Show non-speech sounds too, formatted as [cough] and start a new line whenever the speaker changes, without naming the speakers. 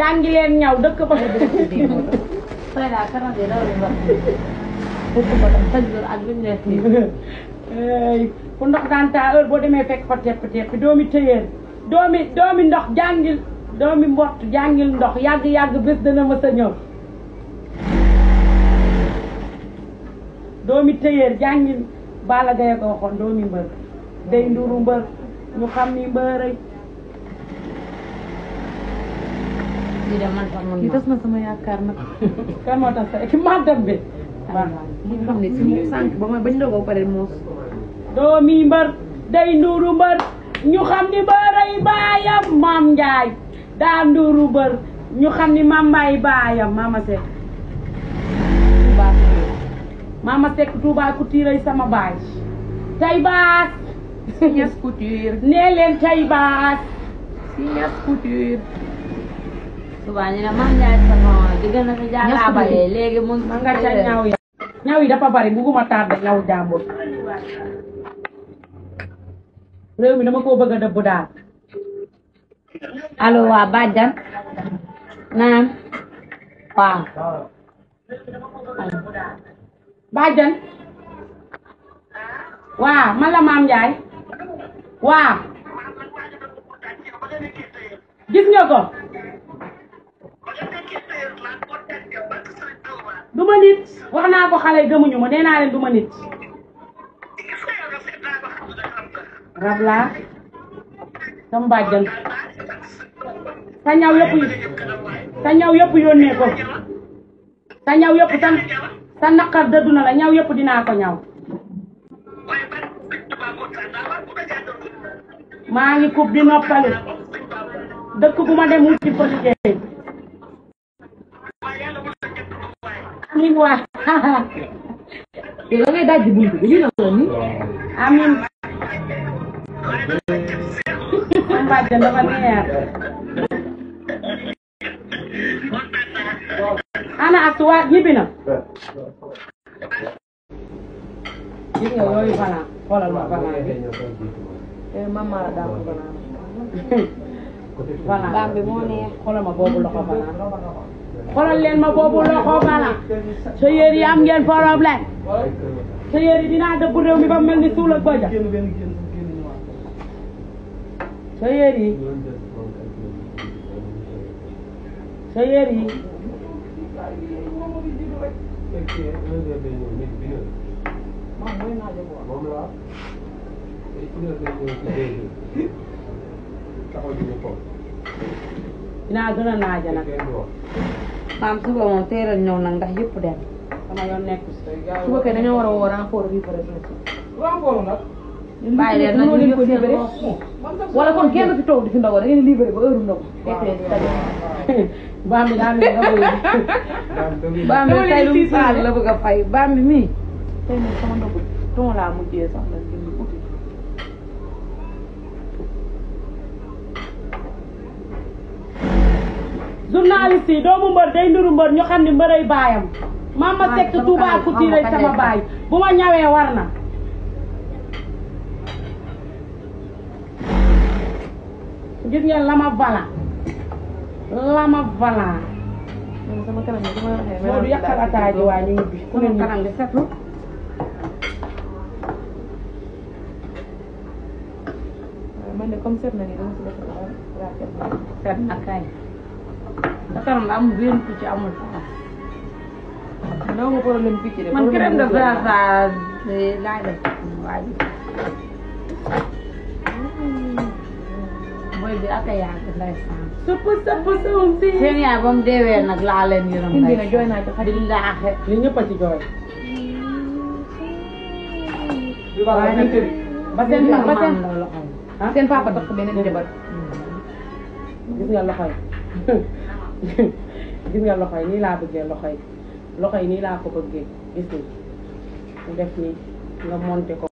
jàngi leen ñaw dëkk ba. xëy na kanam bi raw nañu wax dëkk ba tam boo demee fekk fa tepp tepp doomi tëyeen doomi doomi ndox jàngil doomi mbott jàngil ndox yàgg yàgg bés dana mës a ñëw. doomi tëyeer jàngil bala gaye ko doomi mbër day nduru mbër ñu xam ni mbër lii de man tam man des na sama yaakaar nag. kan moo tax sa équipe maa dem bi. waaw li nga xam ne suñu sànq ba mooy bañ doogoo pare moos. doomi mbar day nduuru mbar ñu xam ni baray baayam maam Njaay daa nduuru mbar ñu xam ni maam Mbaay baayam maama Seck. Touba maama Seck Touba ku tiiray sama baay. tey baas. Signes Couture. nee leen tey baas. Signes Couture. Soubagne la man Ndiaye Savon digg na fi jaakaabale léegi mun. man nga ca ñaaw yi ñaaw yi dafa bari bugguma tardé ñaaw jàmbur. réew eh, mi dama koo bëgg a dëbb daal. allo ah. waa Badiane. Ah. naam. waaw. Badiane. man la maam Ndiaye. Ah. waaw. gis nga ko. du nit wax naa ko xale yi gëmuñu ma nee naa leen du ma nit rab laa sama bàjjan sa ñaw yëpp sa ñaw yëpp yónnee ko sa ñaw yëpp sa sa naqar dëddu na la ñaw yëpp dinaa ko ñaw maa ngi kub di noppalu dëkk bu ma dem wuti fa liggéey amiin waay da ngay daj buntu bi lii la woon ni amiin man bàjjan dafa neex ana ak waa ñibbi na gis nga yooyu banaan xoolal ma banaan bi te maman la daal ko banaan banaan bi moo neex xoolal ma boobu loxo banaan xoolal leen ma boobu loxo bala sa yéer yi am ngeen problème sa yéer mi ba mel ni suul ak bëja sa yéer yi sa a maam suba moom téeral ñëw nag ndax yëpp dem sama yoon nekkul suba kay dañoo war a woo renfort bi pare renfort nag bàyyi leen nag ñu ko libéré wala kon kenn fi toog di fi ndogu da ngeen libéré ba heure ndogu baam bi daal mi baam bi tey lu mu faal a fay laa mujjee sax la journaliste yi doomu mbër day nduru mbër ñu xam ne mbëray baayam maam ma teg Touba ku tiiray sama baay bu ma ñawee war na gis ngeen la vala la vala moo du yàqal ataay ji waa ñu Dakaram la am benn picc amul. doo ma problème picc de. man crème de Versailles laay def waaye. mooy bi ak a yàgg lay sànq. sëpp sëpp sëpp si. seen yaay ba mu deewee nag laa leen yërëm. indi na jooy naa ci xarit laaxe. li ñëpp a ci jooy. waaye nag ba seen ba seen seen papa dox beneen jabar. gis nga loxo yi. [laughs] gis nga loxo yi nii laa bëggee loxo yi loxo yi nii laa ko bëggee gis nga mu nii nga monté ko